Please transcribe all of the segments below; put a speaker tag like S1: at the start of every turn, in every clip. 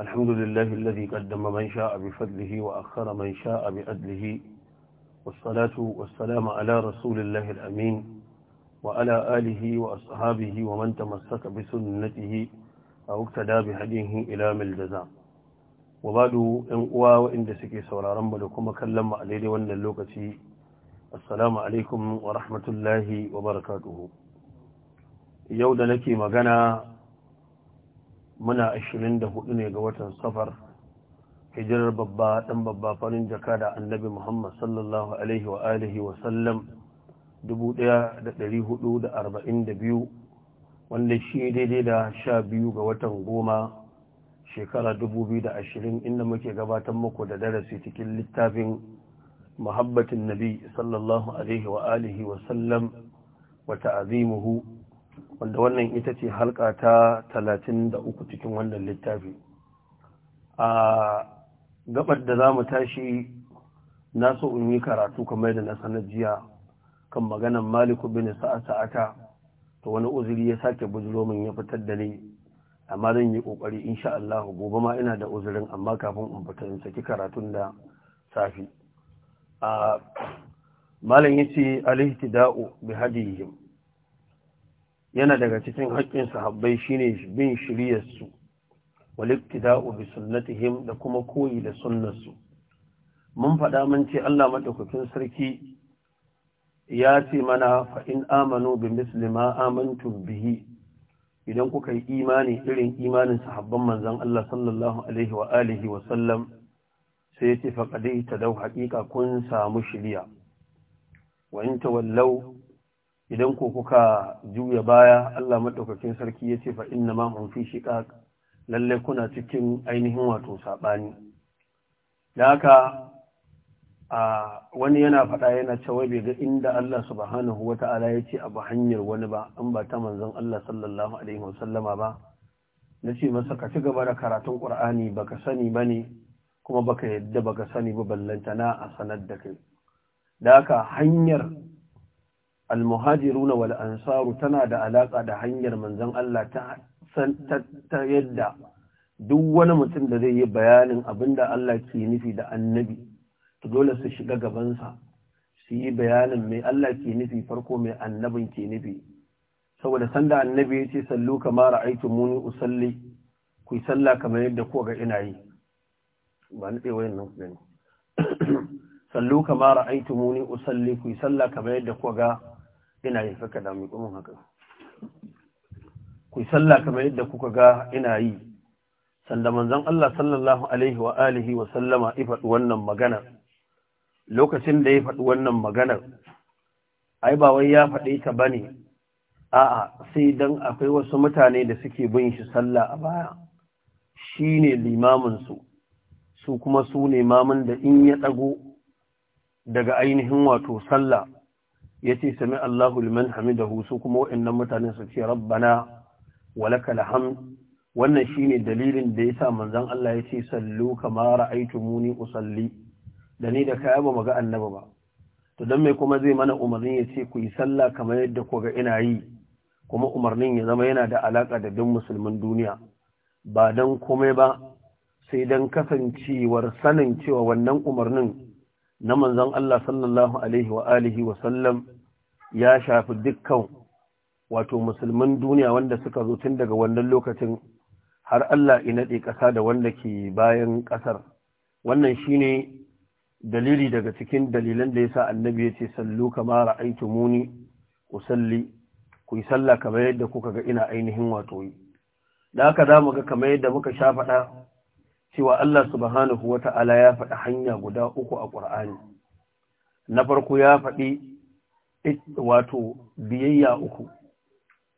S1: الحمد لله الذي قدم من شاء بفضله وأخر من شاء بأدله والصلاة والسلام على رسول الله الأمين وعلى آله وأصحابه ومن تمسك بسنته أو اقتدى بهديه إلى من الجزاء وبعد إن قوى وإن دسكي سورا رمب لكم كلم عليه وأن اللوكة السلام عليكم ورحمة الله وبركاته يود لك مغنى muna 24 ne ga watan safar hijirar babba dan babba farin jaka da annabi muhammad sallallahu alaihi wa alihi wa sallam 1442 wanda shi daidai da 12 ga watan goma shekara 2020 inda muke gabatar muku da darasi cikin littafin muhabbatin nabi sallallahu alaihi wa alihi wa sallam wa ta'azimuhu wanda wannan ita ce halka ta talatin da uku cikin wannan littafi a gabar da za mu tashi na so in yi karatu kamar da na sanar jiya kan maganan maliku bin sa'a sa'ata to wani uzuri ya sake bujiro min ya fitar da ni amma zan yi kokari insha Allah gobe ma ina da uzurin amma kafin in fita in saki karatun da safi a malam yace alihtida'u ihtidau bi hadihim yana daga cikin haƙƙin sahabbai shine bin shiryarsu waliktida'u bi sunnatihim da kuma koyi da sunnarsu mun faɗa mun ce Allah madaukakin sarki ya ce mana fa in amanu bi misli ma bihi idan kuka yi imani irin imanin sahabban manzon Allah sallallahu alaihi wa alihi wa sallam sai ya ce faqad tadaw haqiqa kun samu shiriya wa in wallau? idan ko kuka juya baya Allah maɗaukakin sarki ya ce fa inna ma hun fi shiƙaƙ lallai kuna cikin ainihin wato saɓani da haka a wani yana faɗa yana cewa bai ga inda Allah subhanahu ta'ala ya ce abu hanyar wani ba an ba ta manzon Allah sallallahu alaihi wasallama ba na ce masa ka ci gaba da karatun ƙur'ani baka sani ba ne kuma baka yadda baka sani ba ballantana a sanar da kai da haka hanyar na wal ansaru tana da alaka da hanyar manzon Allah ta ta yadda duk wani mutum da zai yi bayanin abinda Allah ke nufi da annabi dole su shiga gabansa su yi bayanin mai Allah ke nufi farko mai annabin ke nufi saboda sanda annabi ya ce sallu kama ra'aitu muni usalli ku yi sallah yadda ku ina yi ba ni ɗaya wayannan yadda ina yi ka da mai kuma haka ku yi sallah kamar yadda kuka ga ina yi sanda manzan Allah sallallahu alaihi wa alihi wa sallama ya faɗi wannan maganar. lokacin da ya faɗi wannan maganar ai ba wai ya faɗe ta bane a'a sai don akwai wasu mutane da suke bin shi sallah a baya Shi ne limaminsu. su kuma su ne mamun da in ya ɗago daga ainihin wato sallah yace sami Allahu liman hamidahu su kuma waɗannan mutanen su ce rabbana walakal hamd wannan shine dalilin da yasa manzon Allah yace sallu kama ra'aytumuni usalli da ni da kai ba maga annaba ba to dan me kuma zai mana umarnin yace ku yi sallah kamar yadda ku ga ina yi kuma umarnin ya zama yana da alaka da duk musulmin duniya ba dan komai ba sai dan kasancewar sanin cewa wannan umarnin na manzon Allah sallallahu alaihi wa alihi wa sallam ya shafi dukkan wato musulman duniya wanda suka zo tun daga wannan lokacin har Allah ina ɗe kasa da wanda ke bayan ƙasar wannan shine dalili daga cikin dalilan da yasa annabi ya ce sallu kama ra'aitu muni usalli ku yi sallah kamar yadda kuka ga ina ainihin wato yi da aka zamu ga kamar yadda muka sha faɗa cewa Allah subhanahu wata'ala ya faɗi hanya guda uku a Ƙur'ani. na farko ya faɗi wato biyayya uku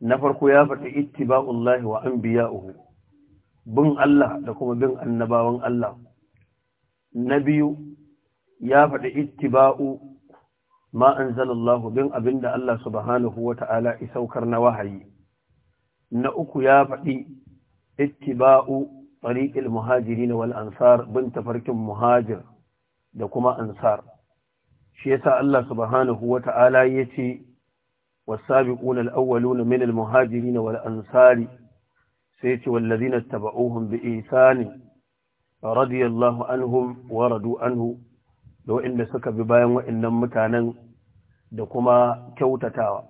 S1: na farko ya faɗi ittiba'ullahi wa uku bin Allah da kuma bin annabawan Allah na biyu ya faɗi ittiba'u ma anzalallahu bin abinda Allah subhanahu wa ta'ala isaukar na wahayi na uku ya faɗi ittiba'u tariqil muhajirin wal ansar bin tafarkin muhajir da kuma ansar shi yasa Allah subhanahu wata'ala yace was-sabiquna al-awwaluna min al muhajiri, na walansari, sai yace wallazina tabauhum bi ihsan radiyallahu anhum wa radu anhu da wa'inda suka bi bayan wa'innan mutanen da kuma kyautatawa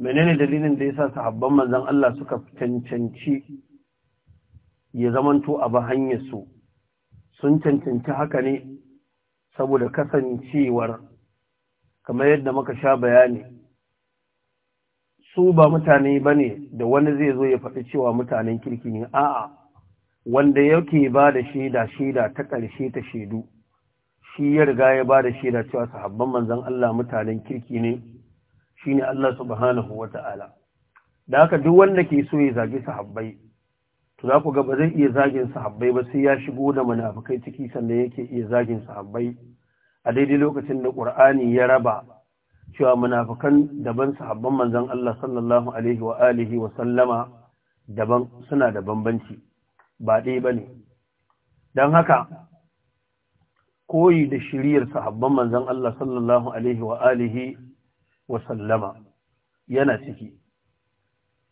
S1: menene dalilin da yasa sahabban manzan Allah suka cancanci ya zamanto a ba su sun cancanci haka ne saboda kasancewar kamar yadda muka sha bayani su ba mutane ba ne da wani zai zo ya faɗi cewa mutanen kirki ne a'a wanda yake ba da shaida shaida ta ƙarshe ta shaidu shi ya riga ya ba da shaida cewa sahabban manzon Allah mutanen kirki ne shine Allah subhanahu wata'ala da haka duk wanda ke so ya zagi sahabbai to za ku ga ba zai iya zagin sahabbai ba sai ya shigo da munafikai ciki sannan yake iya zagin sahabbai a daidai lokacin da Qur'ani ya raba cewa munafikan daban sahabban manzon Allah sallallahu alaihi wa alihi wa sallama daban suna da bambanci ba ɗaya bane dan haka koyi da shiriyar sahabban manzon Allah sallallahu alaihi wa alihi wa sallama yana ciki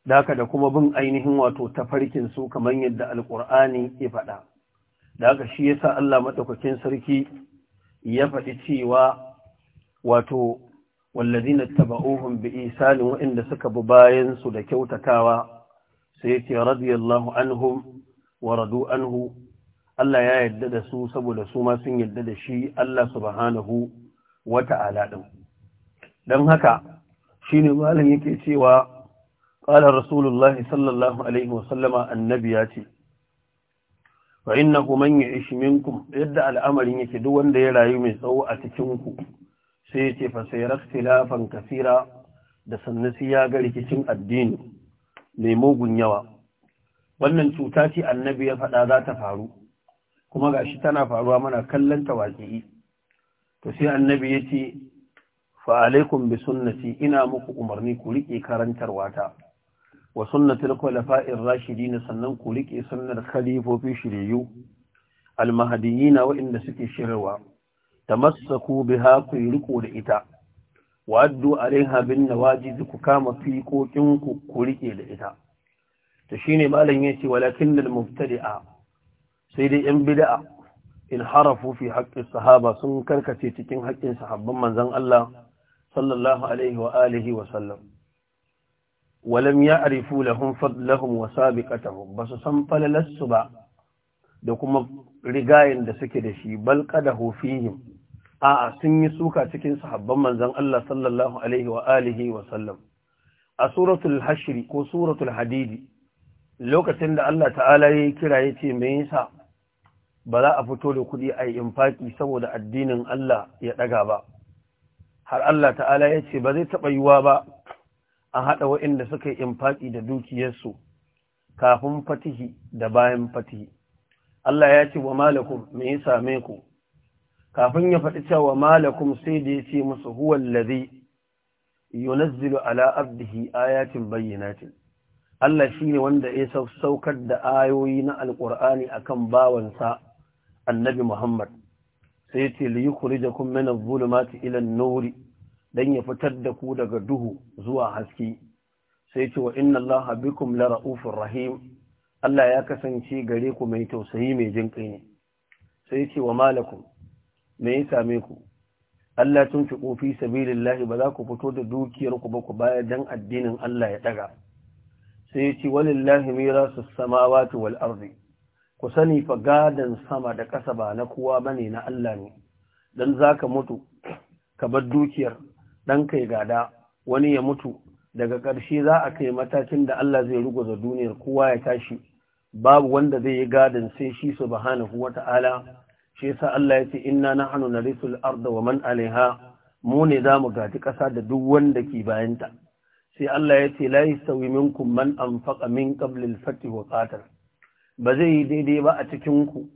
S1: daka da kuma bin ainihin wato tafarkin su kamar yadda alkur'ani ya faɗa haka shi yasa Allah madaukakin sarki ya faɗi cewa wato wallazina taba'uhum bi isalin wa'inda suka bi bayan su da kyautatawa sai ce radiyallahu anhum wa radu anhu Allah ya yarda da su saboda su ma sun yadda da shi Allah subhanahu wa ta'ala din dan haka shine malam yake cewa قال رسول الله صلى الله عليه وسلم النبيات فإنه من يعيش منكم يدعى الأمر يكدون ديلا يمي سوء تكنكو سيتي فسير اختلافا كثيرا ga rikicin addini, الدين mugun yawa. wannan cuta ce annabi ya faɗa za ta faru kuma gashi tana faruwa mana kallon tawaƙi to sai annabi ya ce fa alaikum bi sunnati ina muku umarni ku rike karantarwa ta wa sunnatul khulafa'ir rashidin sannan ku rike sunnar khalifofi shiriyu al-mahdiyyin waɗanda suke shirwa tamassaku biha ku riko da ita wa addu alaiha bin nawajid ku kama fiqoqin ku ku rike da ita to shine malam yace walakin al-mubtadi'a sai dai yan bid'a in harafu fi haqqi sahaba sun karkace cikin haƙƙin sahabban manzon Allah sallallahu alaihi wa alihi wa sallam walam ya arifu lahum fadlahum wa sabiqatahum basu san falalassu ba da kuma rigayen da suke da shi bal qadahu fihim a'a sun yi suka cikin sahabban manzon Allah sallallahu alaihi wa alihi wa sallam a suratul hashr ko suratul hadid lokacin da Allah ta'ala ya kira yace me yasa ba za a fito da kuɗi a yi infaki saboda addinin Allah ya daga ba har Allah ta'ala yace ba zai taba yiwa ba a haɗa waɗanda suka yi infaƙi da dukiyarsu kafin fatihi da bayan fatihi. Allah ya ce wa malakum me ya same ku, kafin ya faɗi cewa malakum sai da ya ce musu huwan lazi yunazzilu ala abdihi ayatin bayyanatin. Allah shi ne wanda ya saukar da ayoyi na Alƙur'ani akan bawansa annabi Muhammad sai ce liyukurijakum da adh-dhulumati ila an-nuri dan ya fitar da ku daga duhu zuwa haske sai ce wa inna Allah bikum la ra'ufur rahim Allah ya kasance gare ku mai tausayi mai jin kai ne sai ce wa malakum me ya same ku Allah tun fi kofi sabilillahi ba za ku fito da dukiyar ku ba ku baya dan addinin Allah ya daga sai ce walillahi mirasus samawati wal ardi ku sani fa gadan sama da ƙasa ba na kowa bane na Allah ne dan zaka mutu ka bar dukiyar ɗanka ya gada wani ya mutu daga ƙarshe za a kai matakin da Allah zai ruguza duniyar kowa ya tashi babu wanda zai yi gadin sai shi subhanahu wata'ala shi yasa Allah ya ce inna nahnu narisul arda wa man alaiha mu ne za mu gadi ƙasa da duk wanda ke bayanta sai Allah ya ce la yastawi minkum man anfaqa min qabli al-fath wa qatal ba zai yi daidai ba a cikin ku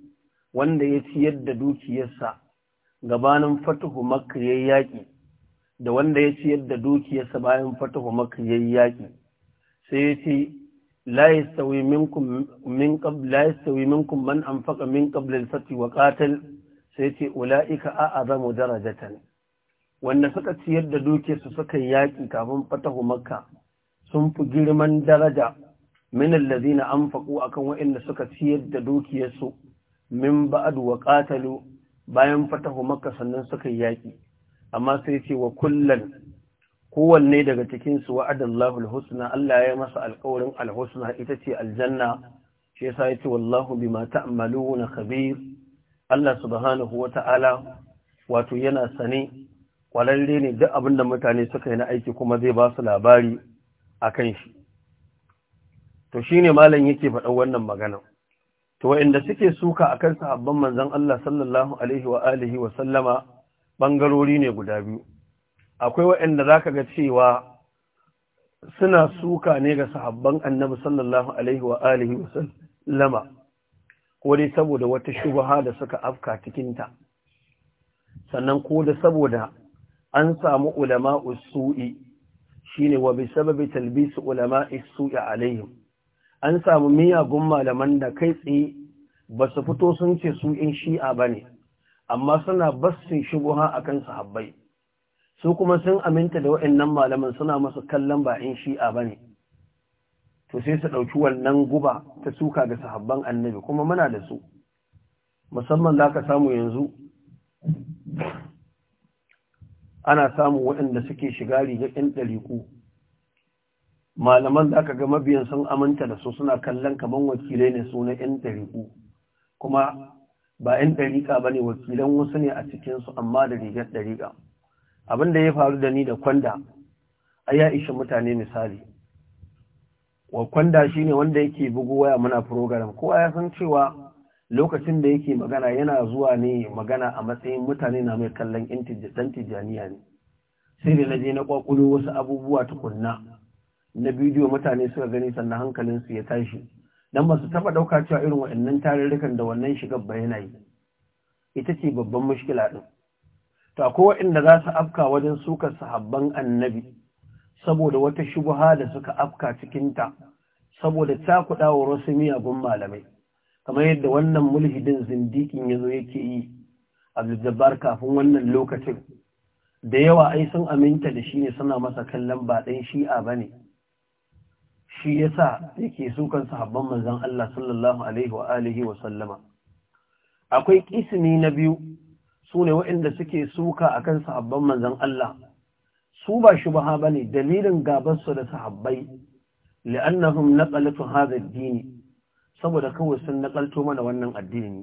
S1: wanda ya ciyar da dukiyarsa gabanin fatuhu makka yayi yaki da wanda ya ciyar da dukiyarsa bayan fatahu maka yi yaki sai ya ce la yi sauyi min minkum man min qabl sati wa ƙatal, sai ya ce ulaika a'azamu darajatan wanda suka ciyar da dukiyarsu suka yaƙi kafin fatahu maka, sun fi girman daraja min faƙo a akan waɗanda suka ciyar da dukiyarsu min ba'adu wa ƙatalu bayan fatahu maka sannan suka yaƙi. amma sai ce wa kullan kowanne daga cikin su wa'adallahu alhusna Allah ya masa alƙawarin alhusna ita ce aljanna shi yasa yace wallahu bima ta'maluna khabir Allah subhanahu wata'ala wato yana sane kwararre ne duk abinda mutane suka yi na aiki kuma zai ba su labari akan shi to shine malam yake faɗa wannan magana to wa'inda suke suka a kan sahabban manzon Allah sallallahu alaihi wa alihi wa sallama ɓangarori ne guda biyu akwai waɗanda za ka ga cewa suna suka ne ga sahabban annabi sallallahu alaihi wa alihi wa sallama ko dai saboda wata shubaha da suka afka cikinta sannan ko da saboda an samu ulama usu'i shine wa bi sababi talbis ulama usu'i alaihim an samu miyagun malaman da kai tsaye ba su fito sun ce su in shi'a bane amma suna bassin shubuha akan sahabbai su kuma sun aminta da waɗannan malaman suna masu kallon ba in shi'a bane to sai su ɗauki wannan guba ta suka ga sahabban annabi kuma muna da su musamman za ka samu yanzu ana samun waɗanda suke shiga rigar 'yan ɗariku malaman za ka ga mabiyan sun aminta da su suna kallon kaman wakilai ne su na 'yan ɗariku kuma ba 'yan ɗariƙa ba ne wakilan wasu ne a cikinsu amma da rigar ɗariƙa abin da ya faru da ni da kwanda a ya ishe mutane misali wa kwanda shi ne wanda yake bugu waya muna program kowa ya san cewa lokacin da yake magana yana zuwa ne magana a matsayin mutane na mai kallon ɗan tijjaniya ne sai da na je na ƙwaƙulo wasu abubuwa tukunna na bidiyo mutane suka gani sannan hankalinsu ya tashi dan ba su taba dauka cewa irin waɗannan tarurrukan da wannan shigar ba yana yi ita ce babban mushkila din to akwai waɗanda za su afka wajen sukar sahabban annabi saboda wata shubha da suka afka cikin ta saboda cakuɗa wa wasu miyagun malamai kamar yadda wannan mulhidin zindikin ya zo yake yi abdulljabbar kafin wannan lokacin da yawa ai sun aminta da shi ne suna masa kallon ba ɗan shi'a ba ne shi ya yasa yake sukan sahabban manzan Allah sallallahu alaihi wa wa sallama akwai ƙisimi na biyu su ne waɗanda suke suka a kan sahabban manzan Allah su ba shi ba ne dalilin gabansu da sahabbai la’annahun naqalatu hadha haɗa dini, saboda kawai sun nakalto mana wannan addini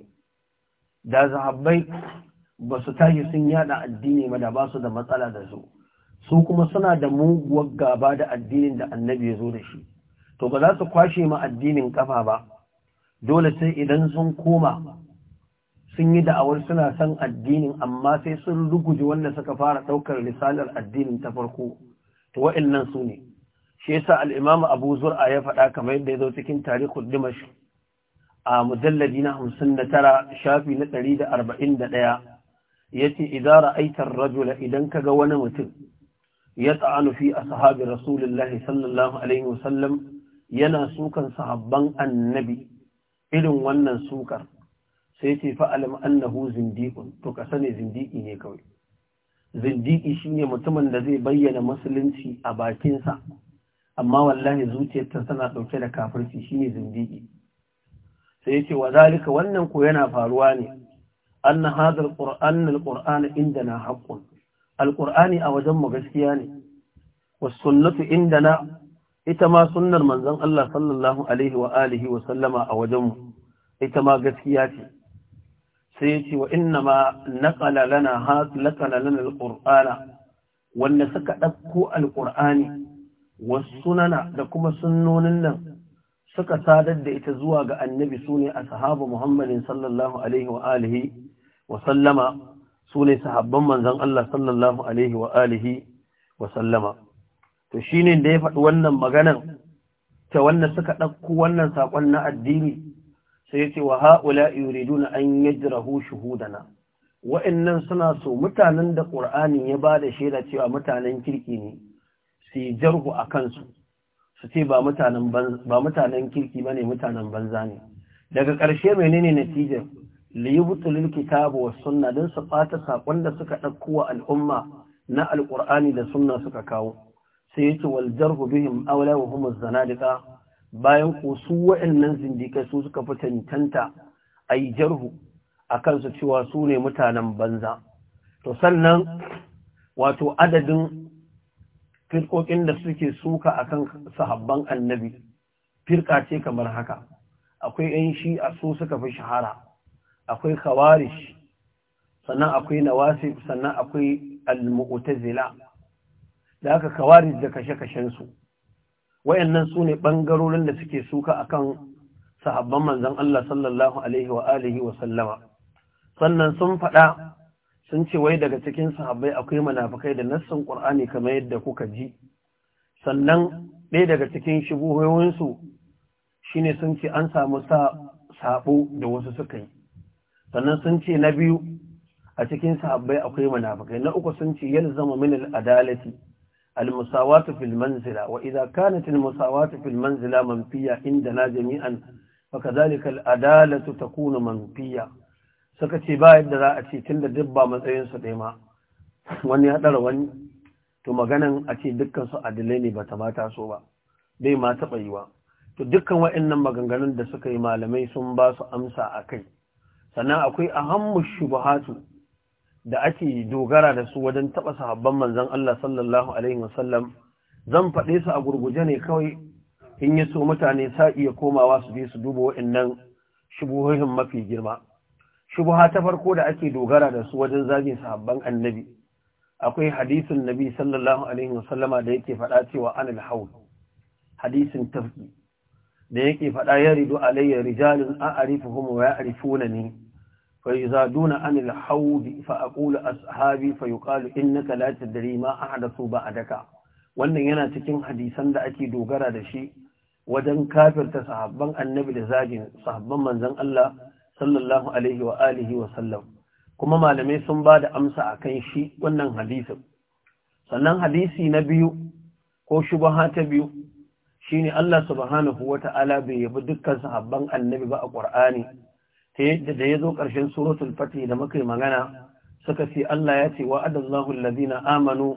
S1: da sahabbai ba su tashi sun yada addini ma da ba su da matsala da su su kuma suna da muguwar gaba da addinin da annabi ya zo da shi to ba za su kwashe ma addinin kafa ba dole sai idan sun koma sun yi da'awar suna son addinin amma sai sun ruguje wanda suka fara ɗaukar risalar addinin ta farko to wa'annan su ne shi yasa al-Imam Abu Zur'a ya faɗa kamar yadda ya zo cikin Tarikhul Dimashq a mujalladi na 59 shafi na 141 yace ce "Iza ra'aitar, rajula idan kaga wani mutum ya ta'anu fi ashabi rasulillahi sallallahu alaihi wasallam yana sukan sahabban annabi irin wannan sukar sai ce fa'alam annahu zindiƙun to ka sani zindiƙi ne kawai zindiƙi shine mutumin da zai bayyana musulunci a bakinsa amma wallahi zuciyarta tana ɗauke da kafirci ne zindiƙi sai ce wa zalika wannan ko yana faruwa ne anna hadha alqur'an inda na haƙƙun. Alƙur'ani a wajen mu gaskiya ne was sunnatu na. ita ma sunnar manzon Allah sallallahu alaihi wa alihi wa sallama a wajenmu ita ma gaskiya ce sai ya ce wa innama ma naqala lana naqala lana alqur'ana wanda suka dauko alqur'ani wasunana da kuma sunnonin nan suka sadar da ita zuwa ga annabi sune ashabu muhammadin sallallahu alaihi wa alihi wa sallama sune sahabban manzon Allah sallallahu alaihi wa alihi wa sallama to ne da ya faɗi wannan maganan ta wannan suka ɗauko wannan saƙon na addini sai ya ce wa ha'ula na an yajrahu shuhudana nan suna so mutanen da ƙur'ani ya ba da shaida cewa mutanen kirki ne su yi jarhu a kansu su ce ba mutanen kirki ba ne mutanen banza ne daga ƙarshe menene natijar liyubtulil kitabu wa sunna don su fata saƙon da suka ɗauko wa al'umma na alƙur'ani da sunna suka kawo sai yake wal jarhu bihim aula wa hum zanadiqa bayan ko su wa'annan zindikai su suka fi tantanta ai jarhu akan su cewa su ne mutanen banza to sannan wato adadin firkokin da suke suka akan sahabban annabi firka ce kamar haka akwai yan a su suka fi shahara akwai khawarish sannan akwai nawasi sannan akwai al-mu'tazila da aka kawari da kashe-kashensu wayannan su ne ɓangarorin da suke suka a kan sahabban manzan Allah sallallahu alaihi wa wa sallama sannan sun faɗa sun ce wai daga cikin sahabbai akwai manafakai da nassin ƙur'ani kamar yadda kuka ji sannan ɗaya daga cikin shi shine sun ce an samu sabo da wasu suka yi sannan sun ce na biyu a cikin sahabbai akwai manafakai. na uku sun ce zama min al’adalati. adalati المساواة في المنزلة وإذا كانت المساواة في المنزلة منفية عندنا جميعا فكذلك الأدالة تكون منفية سكتي بايد لا أتي تند دبا مزين سليما wani ya ɗara wani to maganan a ce dukkansu adilai ne ba ta ma taso ba bai ma taɓa yi wa to dukkan waɗannan maganganun da suka yi malamai sun ba su amsa a kai sannan akwai ahammu shubuhatu da ake dogara da su wajen taɓa sahabban manzan Allah sallallahu Alaihi wasallam zan faɗe su a gurguje ne kawai in yi so mutane sa iya komawa su je su duba waɗannan shubuhohin mafi girma. Shubuha ta farko da ake dogara da su wajen zabi sahabban annabi, akwai hadisin nabi sallallahu Alaihi wasallama da yake faɗa cewa anil haul, hadisin tafki, da yake faɗa ya rido alayya rijalin a arifuhum wa ya arifuna ne. فيزادون عن الحوض فأقول أصحابي فيقال إنك لا تدري ما أحدث بعدك wannan yana cikin hadisan da ake dogara da shi wajen kafirta sahabban annabi da zagin sahabban manzon Allah sallallahu alaihi wa alihi wa sallam kuma malamai sun ba da amsa akan shi wannan hadisin sannan hadisi na biyu ko shubha ta biyu shine Allah subhanahu ta'ala bai yabi dukkan sahabban annabi ba a Qur'ani da ya zo ƙarshen suratul fati da muka yi magana suka ce Allah ya ce wa'adallahu allazina amanu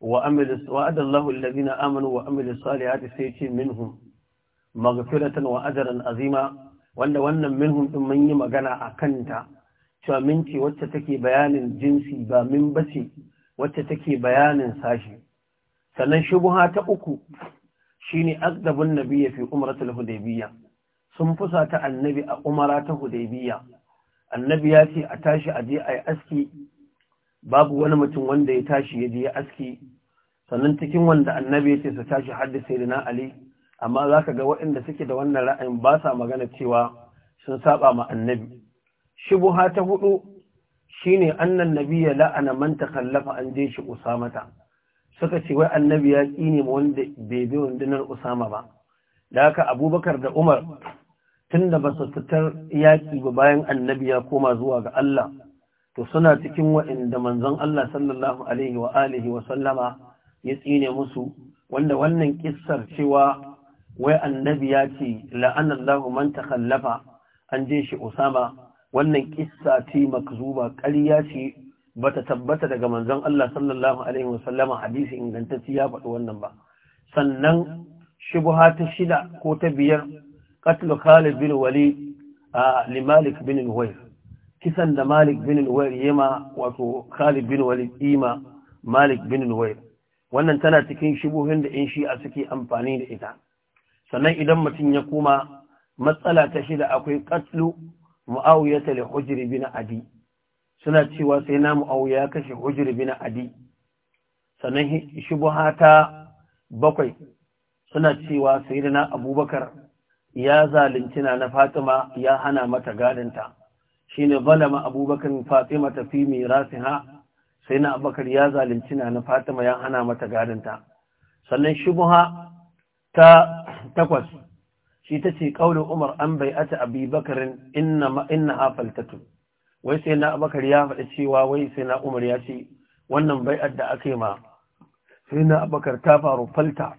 S1: wa amilu wa'adallahu allazina salihati sai ce minhum maghfiratan wa ajran azima wanda wannan minhum din mun yi magana a kanta cewa ce wacce take bayanin jinsi ba min bace wacce take bayanin sashi sannan shubha ta uku shine azdabun nabiyyi fi umratul hudaybiyah sun fusa ta annabi a umara ta Hudaibiya. annabi ya ce a tashi a je a yi aski babu wani mutum wanda ya tashi ya je ya aski sannan cikin wanda annabi ya ce su tashi hadda sai na ali amma za ka ga waɗanda suke da wannan ra'ayin ba sa magana cewa sun saba ma annabi shubuha ta hudu shine annan ya la'ana man kallafa an je shi usamata suka ce wai annabi ya ƙi ne wanda bai bi wandunar usama ba da haka abubakar da umar tunda ba su fitar yaƙi ba bayan annabi ya koma zuwa ga Allah to suna cikin waɗanda manzon Allah sallallahu alaihi wa alihi wa sallama ya tsine musu wanda wannan kissar cewa wai annabi ya ce la'anallahu man takhallafa an je shi Usama wannan ƙisa ce makzuba ƙarya ce ba ta tabbata daga manzon Allah sallallahu alaihi wa sallama hadisi ingantacci ya faɗi wannan ba sannan shubha ta shida ko ta biyar قتل Khalid bin Walid لمالك Malik bin Uwayr kisan da Malik bin يما yema wato Khalid bin Walid ima Malik bin wannan tana cikin shibuhin da in shi a suke amfani da ita sannan idan mutum ya kuma matsala ta shida akwai katlu Muawiya li Hujr bin Adi suna cewa sai na Muawiya kashe hujri bin Adi sannan shubuha ta bakwai suna cewa sai na Abubakar ya zalunci na Fatima ya hana mata gadinta shine zalama Abubakar Fatima ta fi mirasiha sai na Abubakar ya zalunci na Fatima ya hana mata gadinta sannan shubha ta takwas shi tace kaulin Umar an aci Abi Bakr inna inna faltatu wai sai na Abubakar ya faɗi cewa wai sai na Umar ya ce wannan bai'ar da aka yi ma sai na Abubakar ta faru falta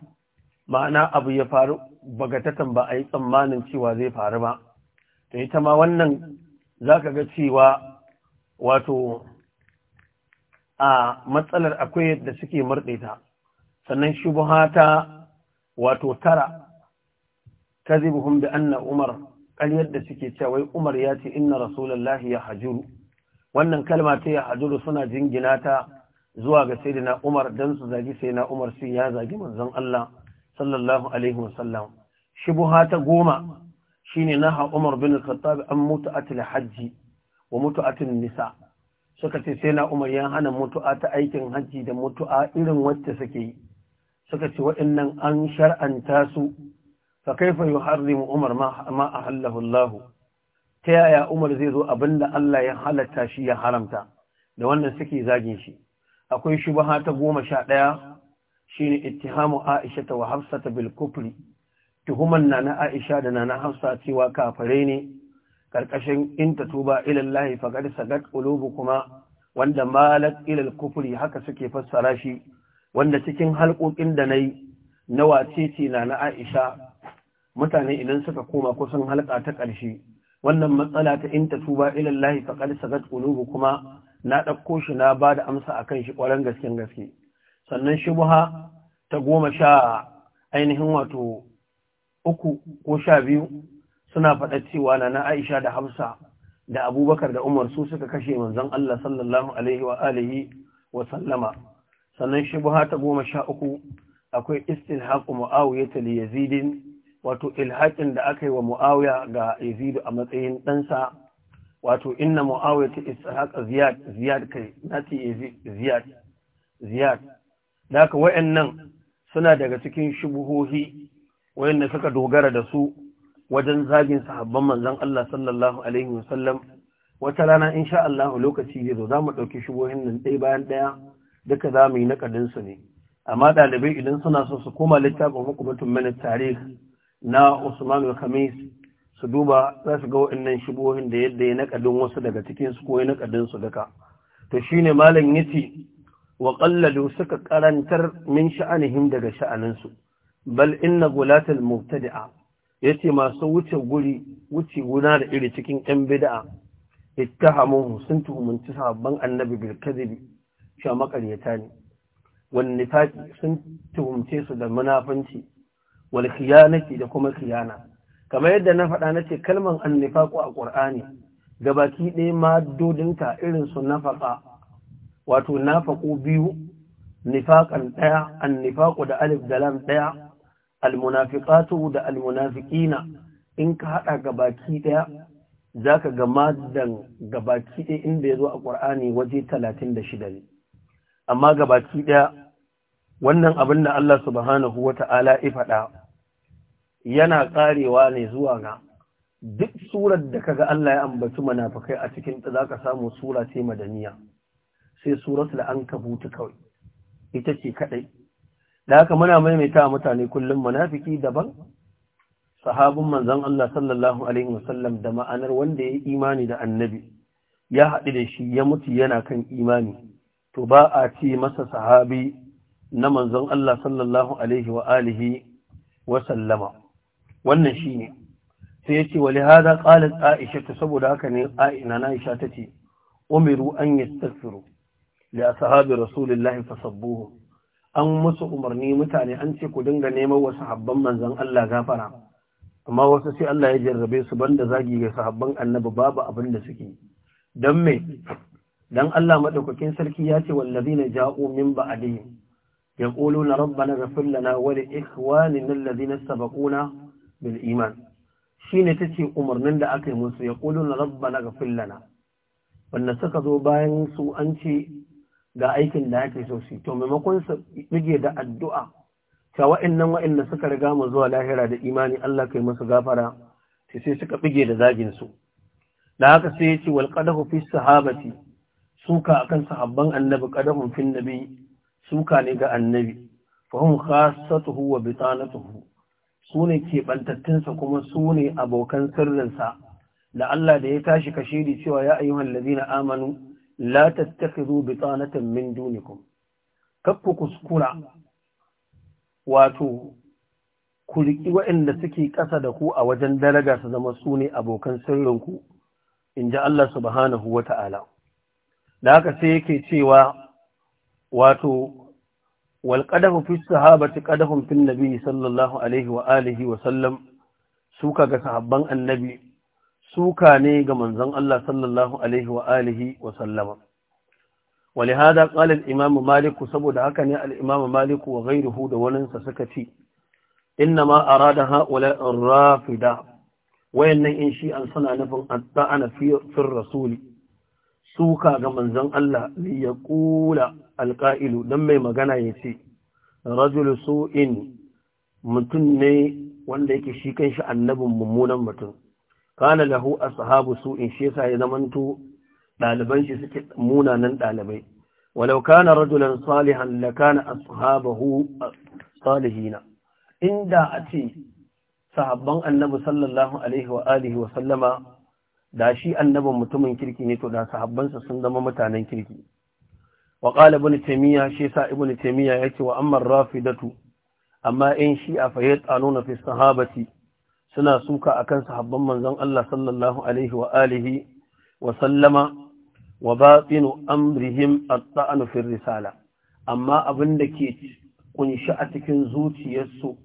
S1: ma'ana abu ya faru bagatatan ba a yi tsammanin cewa zai faru ba to ita ma wannan za ka ga cewa wato a matsalar akwai yadda suke murɗe ta sannan shubuha ta wato tara kazibuhum bi anna umar ƙaryar yadda suke cewa wai umar ya ce inna rasulullahi ya hajjuru, wannan kalma ta ya hajjuru suna jingina ta zuwa ga na umar don su zagi sai na umar sai ya zagi manzon Allah sallallahu alaihi wasallam shubuha ta goma shine naha Umar bin Khattab an mutu'atul hajji wa mutu'atul nisa suka ce sai na Umar ya hana mutu'a ta aikin hajji da mutu'a irin wacce suke yi suka ce waɗannan an shar'anta su fa kaifa yuharrimu Umar ma ahallahu Allah ta yaya Umar zai zo abinda Allah ya halatta shi ya haramta da wannan suke zagin shi akwai shubha ta goma sha ɗaya shine ittihamu Aisha ta wa Hafsa ta bil kufri tuhuman na na Aisha da na na Hafsa cewa kafare ne karkashin in ta tuba ila Allah faqad sagat kuma. wanda malat ila al kufri haka suke fassara shi wanda cikin halƙoƙin da nayi na wacece na na Aisha mutane idan suka koma kusan halka ta ƙarshe wannan matsala ta in ta tuba ila Allah faqad sagat kuma. na ɗauko shi na ba da amsa a kan shi kwaran gasken gaske sannan shubha ta goma sha ainihin wato uku ko sha biyu suna faɗa cewa na na Aisha da Hafsa da Abubakar da Umar su suka kashe manzon Allah sallallahu alaihi wa alihi wa sallama sannan shubha ta goma sha uku akwai istilhaq Muawiya ta Yazid wato ilhaqin da aka yi wa Muawiya ga Yazid a matsayin ɗansa wato inna Muawiya ta istilhaq Ziyad Ziyad kai nati Ziyad Ziyad da haka wayannan suna daga cikin shubuhohi wayanda suka dogara da su wajen zagin sahabban manzan Allah sallallahu alaihi wasallam wata rana in sha Allah lokaci zai zo mu ɗauki shubuhohin nan ɗaya bayan ɗaya duka za mu yi naƙadinsu ne amma ɗalibai idan suna so su koma littafin hukumatun mana tarihi na Usman khamis su duba za su ga waɗannan shubuhohin da yadda ya naƙadin wasu daga cikin su ko ya naƙadin su duka to shine malam yace wa suka karantar min sha'anihim daga sha'aninsu bal inna gulatul mubtadi'a yace masu wuce guri wuce guna da iri cikin yan bid'a hamuhu sun tuhumunci sahabban annabi bil sha makaryata ne wan nifaqi sun tuhumce su da munafanci wal khiyanati da kuma kiyana. kamar yadda na faɗa nace kalman annifaku a Ƙur'ani, gabaki ɗaya ma dodinta irin su nafaka wato nafaku biyu nifaƙan ɗaya an nifaƙu da alif da lam ɗaya almunafiƙatu da almunafiƙina in ka haɗa gabaki ɗaya za ka ga madan gabaki ɗaya inda ya zo a ƙwar'ani waje talatin da shida ne amma gabaki ɗaya wannan abin da Allah subhanahu wa ta'ala faɗa yana ƙarewa ne zuwa ga duk surar da kaga Allah ya ambaci munafikai a cikin ta za ka samu sura ce madaniya sai suratul ankabut kawai ita ce kaɗai. da haka muna maimaita mutane kullum manafiki daban sahabin manzon Allah sallallahu alaihi wasallam da ma'anar wanda ya imani da annabi ya haɗu da shi ya mutu yana kan imani to ba a ce masa sahabi na manzon Allah sallallahu alaihi wa alihi wa sallama wannan shine sai yace wa lihada qalat aisha saboda haka ne aina aisha tace umiru an yastaghfiru da ashabi rasulullahi fasabbuhu an musu umarni mutane an ce ku dinga neman wasu habban manzon Allah gafara amma wasu sai Allah ya jarrabe su banda zagi ga sahabban annabi babu abin da suke dan me dan Allah madaukakin sarki ya ce wallazina ja'u min ba'dihim yaquluna rabbana ghfir lana wa li ikhwanina alladhina sabaquna bil iman shine tace umarnin da aka yi musu yaquluna rabbana ghfir lana wanda suka zo bayan su an ce ga aikin da yake so su to maimakon su bige da addu'a ta wa'annan wa'anda suka riga mu zuwa lahira da imani Allah kai musu gafara sai sai suka bige da zagin su da haka sai yace wal qadahu fi sahabati suka akan sahabban annabi qadahun fin nabi suka ne ga annabi fa hum khassatuhu wa bitanatuhu sune ke bantattunsa kuma sune abokan sirrinsa da Allah da ya tashi kashiri cewa ya ayyuhal ladina amanu la tattakhidhu bitanatan min dunikum kaffu kuskura wato ku riki waɗanda suke ƙasa da ku a wajen daraja su zama su ne abokan sirrinku in ji Allah subhanahu wa da haka sai yake cewa wato walƙadahu fi sahabati ƙadahun fin nabi sallallahu alaihi wa alihi wa sallam su kaga sahabban annabi suka ne ga manzon Allah sallallahu alaihi wa alihi wa sallama saboda haka ne al Maliku malik wa ghayruhu da wannan sa suka ci inma arada haula ar-rafida wayannan in shi an suna nufin atta'ana fi rasuli suka ga manzon Allah li yaqula al-qa'ilu dan mai magana yace rajul su'in mutum ne wanda yake shi kanshi annabin mummunan mutum kana lahu ashabu su'in shi yasa ya zamanto daliban shi suke munanan ɗalibai walau kana rajulan salihan la kana ashabahu salihina inda a ce sahabban annabi sallallahu alaihi wa alihi wa sallama da shi annabin mutumin kirki ne to da sahabbansa sun zama mutanen kirki wa qala ibn taymiya shi ya ibn taymiya yake wa amma rafidatu amma in shi a fayyat anuna fi sahabati suna suka akan sahabban manzon Allah sallallahu alaihi wa alihi wa sallama wa batinu amrihim at-ta'anu fi risala amma abin da ke kunshi a cikin zuciyarsu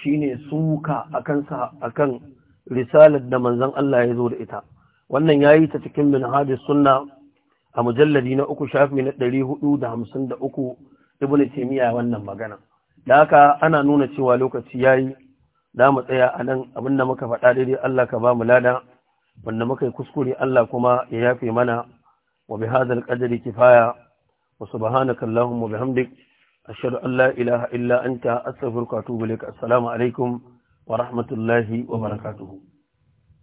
S1: shine suka akan akan risalar da manzon Allah ya zo da ita wannan yayi ta cikin minhajus sunna a mujalladi na uku shafi na 453 ibnu taymiya wannan magana da haka ana nuna cewa lokaci yayi da mu tsaya a nan abin da muka faɗa daidai Allah ka ba mu lada wanda muka yi kuskure Allah kuma ya yafe mana wa bi hadzal qadri kifaya wa subhanaka allahumma bihamdik ashhadu an la ilaha illa anta astaghfiruka wa atubu ilaik assalamu alaikum wa rahmatullahi wa barakatuh